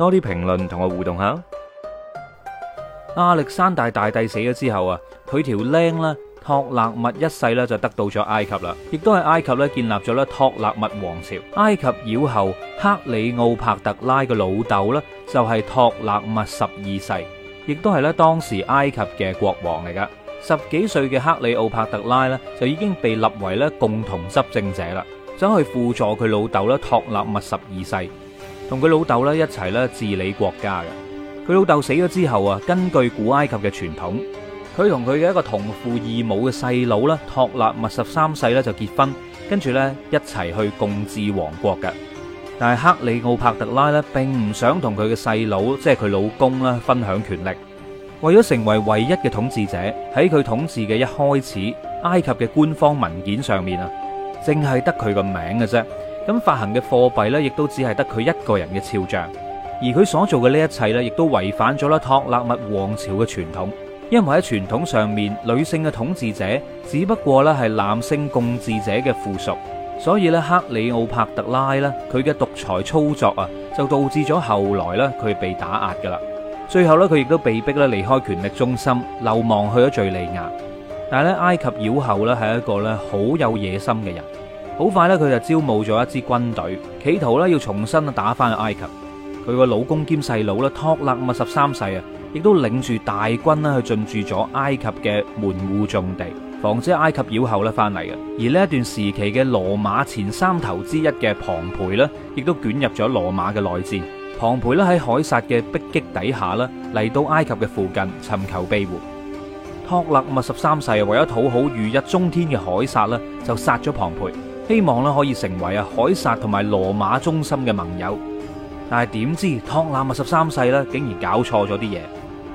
多啲評論同我互動下。亞歷山大大帝死咗之後啊，佢條靚啦托勒密一世啦就得到咗埃及啦，亦都係埃及咧建立咗咧托勒密王朝。埃及妖后克里奧帕特拉嘅老豆咧就係托勒密十二世，亦都係咧當時埃及嘅國王嚟㗎。十幾歲嘅克里奧帕特拉咧就已經被立為咧共同執政者啦，走去輔助佢老豆咧托勒密十二世。同佢老豆咧一齊咧治理國家嘅。佢老豆死咗之後啊，根據古埃及嘅傳統，佢同佢嘅一個同父異母嘅細佬啦托勒密十三世咧就結婚，跟住咧一齊去共治王國嘅。但係克里奧帕特拉咧並唔想同佢嘅細佬即係佢老公啦分享權力，為咗成為唯一嘅統治者，喺佢統治嘅一開始，埃及嘅官方文件上面啊，淨係得佢個名嘅啫。咁發行嘅貨幣呢，亦都只係得佢一個人嘅肖像。而佢所做嘅呢一切呢，亦都違反咗啦托勒密王朝嘅傳統，因為喺傳統上面，女性嘅統治者只不過咧係男性共治者嘅附屬，所以呢，克里奧帕特拉呢，佢嘅獨裁操作啊，就導致咗後來呢，佢被打壓噶啦，最後呢，佢亦都被逼咧離開權力中心，流亡去咗敘利亞，但係咧埃及妖后呢，係一個呢好有野心嘅人。好快咧，佢就招募咗一支軍隊，企圖咧要重新打翻埃及。佢個老公兼細佬咧托勒密十三世啊，亦都領住大軍啦去進駐咗埃及嘅門戶重地，防止埃及妖后咧翻嚟嘅。而呢一段時期嘅羅馬前三頭之一嘅龐培咧，亦都捲入咗羅馬嘅內戰。龐培咧喺凱撒嘅逼擊底下咧嚟到埃及嘅附近尋求庇護。托勒密十三世為咗討好如日中天嘅凱撒咧，就殺咗龐培。希望咧可以成為啊凱撒同埋羅馬中心嘅盟友，但係點知托勒密十三世咧竟然搞錯咗啲嘢。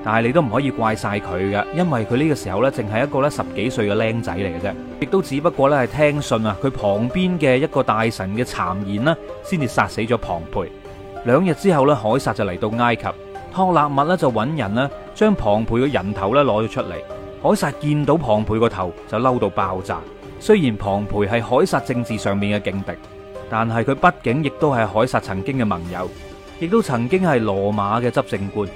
但係你都唔可以怪晒佢嘅，因為佢呢個時候咧淨係一個咧十幾歲嘅僆仔嚟嘅啫，亦都只不過咧係聽信啊佢旁邊嘅一個大臣嘅讒言啦，先至殺死咗龐培。兩日之後咧，凱撒就嚟到埃及，托勒密咧就揾人咧將龐培嘅人頭咧攞咗出嚟，凱撒見到龐培個頭就嬲到爆炸。雖然龐培係凱撒政治上面嘅勁敵，但係佢畢竟亦都係凱撒曾經嘅盟友，亦都曾經係羅馬嘅執政官。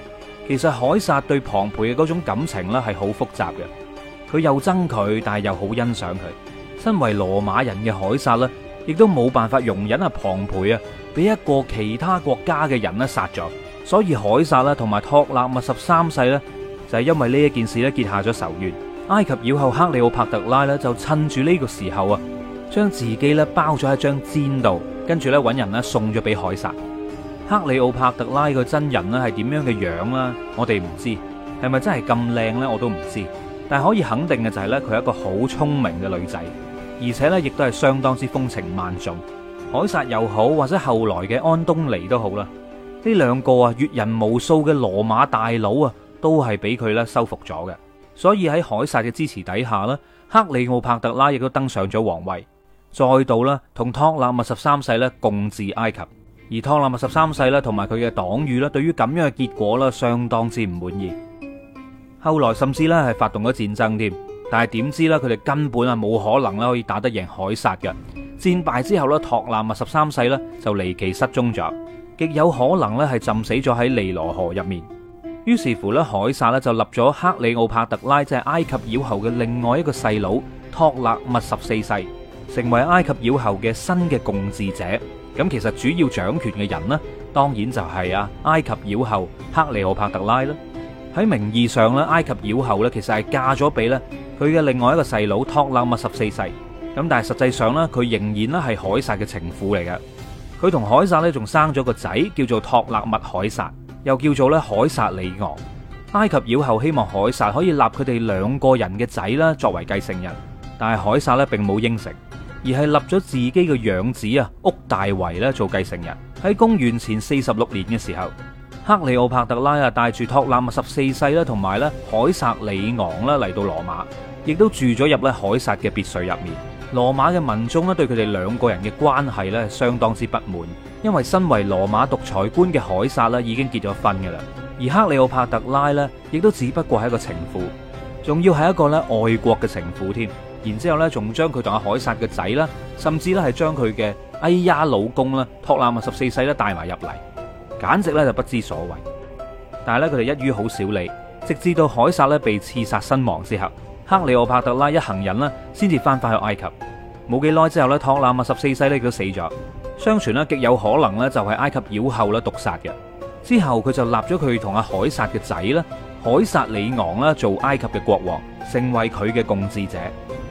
其實凱撒對龐培嘅嗰種感情呢係好複雜嘅，佢又憎佢，但係又好欣賞佢。身為羅馬人嘅凱撒呢，亦都冇辦法容忍啊龐培啊，俾一個其他國家嘅人咧殺咗，所以凱撒呢，同埋托勒密十三世呢，就係因為呢一件事呢，結下咗仇怨。埃及妖后克里奧帕特拉咧，就趁住呢個時候啊，將自己咧包咗喺張氈度，跟住咧搵人咧送咗俾凱撒。克里奧帕特拉個真人咧係點樣嘅樣啦，我哋唔知係咪真係咁靚咧，我都唔知。但係可以肯定嘅就係咧，佢係一個好聰明嘅女仔，而且咧亦都係相當之風情萬種。凱撒又好，或者後來嘅安東尼都好啦，呢兩個啊閱人無數嘅羅馬大佬啊，都係俾佢咧收服咗嘅。所以喺海撒嘅支持底下咧，克里奧帕特拉亦都登上咗皇位，再度咧同托勒密十三世咧共治埃及，而托勒密十三世咧同埋佢嘅黨羽咧，對於咁樣嘅結果咧，相當之唔滿意。後來甚至咧係發動咗戰爭添，但係點知咧佢哋根本啊冇可能咧可以打得贏海撒嘅。戰敗之後咧，托勒密十三世咧就離奇失蹤咗，極有可能咧係浸死咗喺尼羅河入面。於是乎咧，凱撒咧就立咗克里奧帕特拉，即係埃及妖后嘅另外一個細佬托勒密十四世，成為埃及妖后嘅新嘅共治者。咁其實主要掌權嘅人呢，當然就係啊埃及妖后克里奧帕特拉啦。喺名義上咧，埃及妖后咧其實係嫁咗俾咧佢嘅另外一個細佬托勒密十四世。咁但係實際上咧，佢仍然咧係凱撒嘅情婦嚟嘅。佢同凱撒咧仲生咗個仔，叫做托勒密凱撒。又叫做咧凱撒里昂，埃及妖后希望凱撒可以立佢哋兩個人嘅仔啦作為繼承人，但係凱撒咧並冇應承，而係立咗自己嘅養子啊屋大維咧做繼承人。喺公元前四十六年嘅時候，克里奧帕特拉啊帶住托納十四世啦同埋咧凱撒里昂啦嚟到羅馬，亦都住咗入咧凱撒嘅別墅入面。羅馬嘅民眾咧對佢哋兩個人嘅關係咧相當之不滿，因為身為羅馬獨裁官嘅凱撒咧已經結咗婚嘅啦，而克里奧帕特拉咧亦都只不過係一個情婦，仲要係一個咧外國嘅情婦添。然之後咧仲將佢同阿凱撒嘅仔啦，甚至咧係將佢嘅哎呀老公啦托勒密十四世咧帶埋入嚟，簡直咧就不知所謂。但係咧佢哋一於好少理，直至到凱撒咧被刺殺身亡之後。克里奧帕特拉一行人咧，先至翻返去埃及。冇幾耐之後咧，托勒密十四世咧都死咗，相傳呢極有可能咧就係埃及妖后啦毒殺嘅。之後佢就立咗佢同阿凱撒嘅仔啦，凱撒里昂啦做埃及嘅國王，成為佢嘅共治者。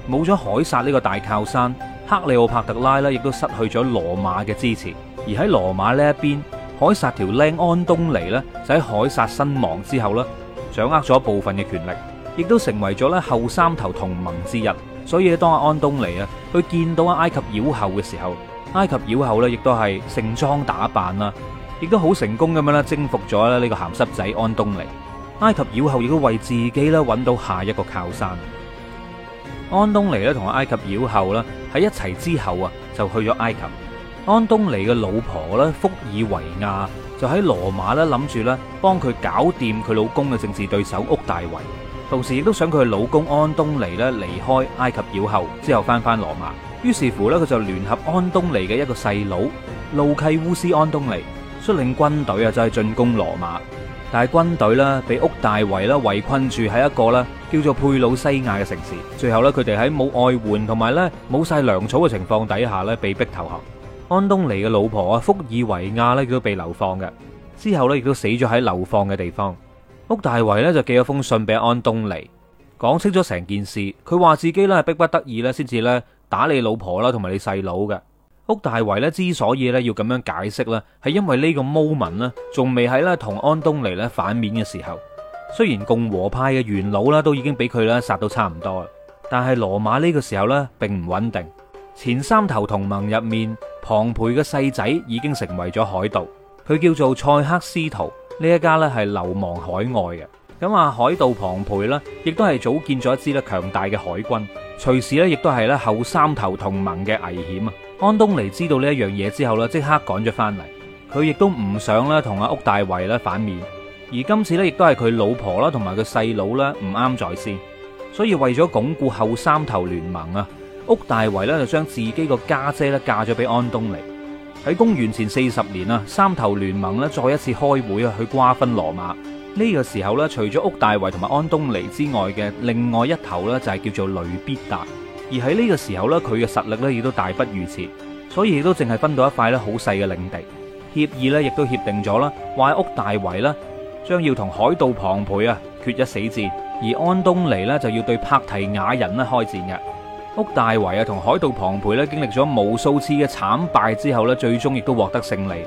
冇咗凱撒呢個大靠山，克里奧帕特拉咧亦都失去咗羅馬嘅支持。而喺羅馬呢一邊，凱撒條僆安東尼咧就喺凱撒身亡之後啦，掌握咗部分嘅權力。亦都成為咗咧後三頭同盟之一，所以當阿安東尼啊，佢見到阿埃及妖后嘅時候，埃及妖后咧，亦都係盛裝打扮啦，亦都好成功咁樣啦，征服咗咧呢個鹹濕仔安東尼。埃及妖后亦都為自己揾到下一個靠山。安東尼咧同阿埃及妖后咧喺一齊之後啊，就去咗埃及。安東尼嘅老婆咧，福爾維亞就喺羅馬咧，諗住咧幫佢搞掂佢老公嘅政治對手屋大維。同時亦都想佢嘅老公安東尼咧離開埃及妖后，之後翻翻羅馬。於是乎咧，佢就聯合安東尼嘅一個細佬路契烏斯安東尼，率領軍隊啊，就係進攻羅馬。但係軍隊咧被屋大維啦圍困住喺一個咧叫做佩魯西亞嘅城市。最後咧，佢哋喺冇外援同埋咧冇晒糧草嘅情況底下咧，被逼投降。安東尼嘅老婆啊，福爾維亞咧，佢都被流放嘅，之後咧亦都死咗喺流放嘅地方。屋大維咧就寄咗封信俾安東尼，講清咗成件事。佢話自己咧係逼不得已咧先至咧打你老婆啦，同埋你細佬嘅。屋大維咧之所以咧要咁樣解釋咧，係因為呢個 moment 呢，仲未喺咧同安東尼咧反面嘅時候。雖然共和派嘅元老啦都已經俾佢啦殺到差唔多啦，但係羅馬呢個時候咧並唔穩定。前三頭同盟入面，龐培嘅細仔已經成為咗海盜，佢叫做塞克斯圖。呢一家咧係流亡海外嘅，咁啊海盜龐培呢亦都係組建咗一支咧強大嘅海軍，隨時咧亦都係咧後三頭同盟嘅危險啊！安東尼知道呢一樣嘢之後呢，即刻趕咗翻嚟，佢亦都唔想咧同阿屋大維咧反面，而今次呢，亦都係佢老婆啦同埋佢細佬啦唔啱在先，所以為咗鞏固後三頭聯盟啊，屋大維咧就將自己個家姐咧嫁咗俾安東尼。喺公元前四十年啊，三頭聯盟咧再一次開會啊，去瓜分羅馬。呢個時候咧，除咗屋大維同埋安東尼之外嘅另外一頭咧，就係叫做雷必達。而喺呢個時候咧，佢嘅實力咧亦都大不如前，所以亦都淨係分到一塊咧好細嘅領地。協議咧亦都協定咗啦，話屋大維啦，將要同海盜龐培啊決一死戰，而安東尼咧就要對帕提亞人咧開戰嘅。屋大維啊，同海盜龐培咧，經歷咗無數次嘅慘敗之後咧，最終亦都獲得勝利，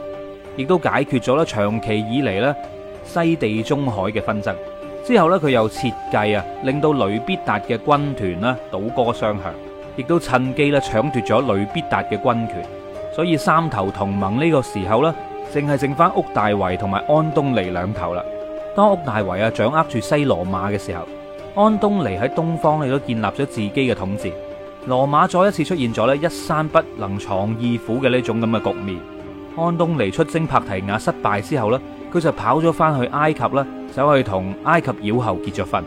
亦都解決咗咧長期以嚟咧西地中海嘅紛爭之後咧，佢又設計啊，令到雷必達嘅軍團咧倒戈相向，亦都趁機咧搶奪咗雷必達嘅軍權。所以三頭同盟呢個時候咧，淨係剩翻屋大維同埋安東尼兩頭啦。當屋大維啊掌握住西羅馬嘅時候，安東尼喺東方亦都建立咗自己嘅統治。羅馬再一次出現咗咧一山不能藏二虎嘅呢種咁嘅局面。安東尼出征帕提亞失敗之後呢，佢就跑咗翻去埃及啦，走去同埃及妖后結咗婚，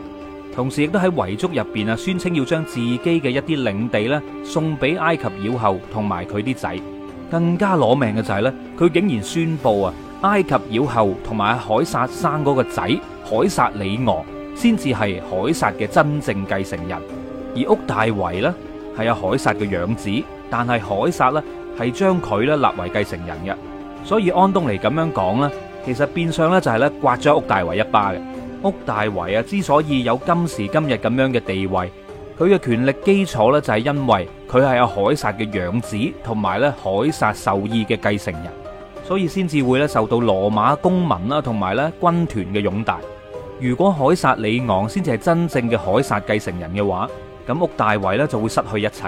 同時亦都喺遺囑入邊啊宣稱要將自己嘅一啲領地呢，送俾埃及妖后同埋佢啲仔。更加攞命嘅就係呢，佢竟然宣布啊，埃及妖后同埋海薩生嗰個仔海薩里俄先至係海薩嘅真正繼承人，而屋大維呢。係有凱撒嘅養子，但係凱撒呢係將佢咧立為繼承人嘅，所以安東尼咁樣講呢，其實變相呢就係咧刮咗屋大維一巴嘅。屋大維啊，之所以有今時今日咁樣嘅地位，佢嘅權力基礎呢就係因為佢係有凱撒嘅養子，同埋咧凱撒授意嘅繼承人，所以先至會咧受到羅馬公民啦同埋咧軍團嘅擁戴。如果凱撒里昂先至係真正嘅凱撒繼承人嘅話，咁屋大維咧就會失去一切，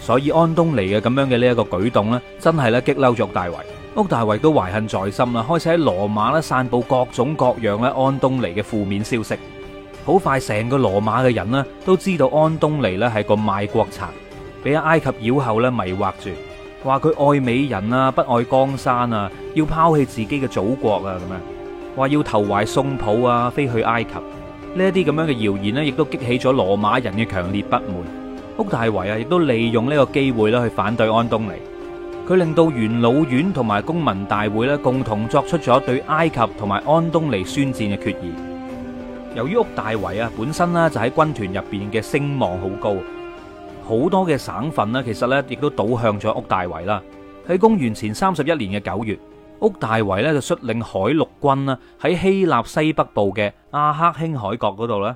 所以安東尼嘅咁樣嘅呢一個舉動咧，真係咧激嬲咗大維，屋大維都懷恨在心啦，開始喺羅馬咧散布各種各樣咧安東尼嘅負面消息，好快成個羅馬嘅人咧都知道安東尼咧係個賣國賊，俾埃及妖后咧迷惑住，話佢愛美人啊，不愛江山啊，要拋棄自己嘅祖國啊，咁樣話要投懷送抱啊，飛去埃及。呢一啲咁樣嘅謠言呢，亦都激起咗羅馬人嘅強烈不滿。屋大維啊，亦都利用呢個機會咧去反對安東尼。佢令到元老院同埋公民大會咧共同作出咗對埃及同埋安東尼宣戰嘅決議。由於屋大維啊本身呢，就喺軍團入邊嘅聲望好高，好多嘅省份呢，其實呢，亦都倒向咗屋大維啦。喺公元前三十一年嘅九月。屋大維咧就率領海陸軍啦，喺希臘西北部嘅阿克興海角嗰度咧，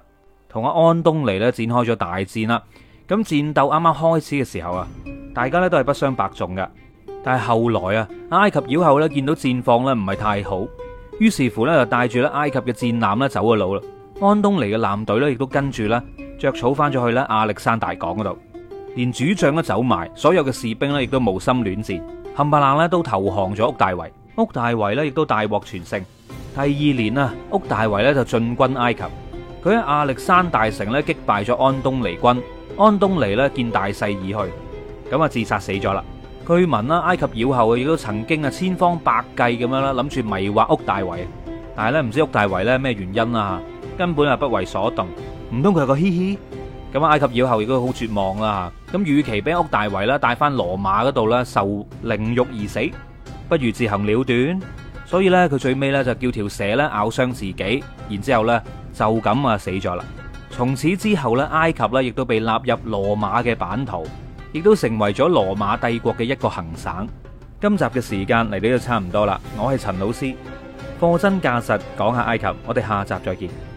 同阿安東尼咧展開咗大戰啦。咁戰鬥啱啱開始嘅時候啊，大家咧都係不相伯仲㗎。但係後來啊，埃及妖后咧見到戰況咧唔係太好，於是乎咧就帶住咧埃及嘅戰艦咧走咗佬啦。安東尼嘅艦隊咧亦都跟住啦，着草返咗去咧亞歷山大港嗰度，連主將都走埋，所有嘅士兵咧亦都無心戀戰，冚唪唥咧都投降咗屋大維。屋大維呢亦都大獲全勝。第二年啊，屋大維呢就進軍埃及，佢喺亞歷山大城咧擊敗咗安東尼軍。安東尼呢見大勢已去，咁啊自殺死咗啦。據聞啦，埃及妖后亦都曾經啊千方百計咁樣啦，諗住迷惑屋大維，但係咧唔知屋大維咧咩原因啊？根本啊不為所動。唔通佢係個嘻嘻？咁埃及妖后亦都好絕望啦吓。咁與其俾屋大維呢帶翻羅馬嗰度呢，受凌辱而死。不如自行了斷，所以咧佢最尾咧就叫條蛇咧咬傷自己，然之後咧就咁啊死咗啦。從此之後咧，埃及咧亦都被納入羅馬嘅版圖，亦都成為咗羅馬帝國嘅一個行省。今集嘅時間嚟到就差唔多啦，我係陳老師，貨真價實講下埃及，我哋下集再見。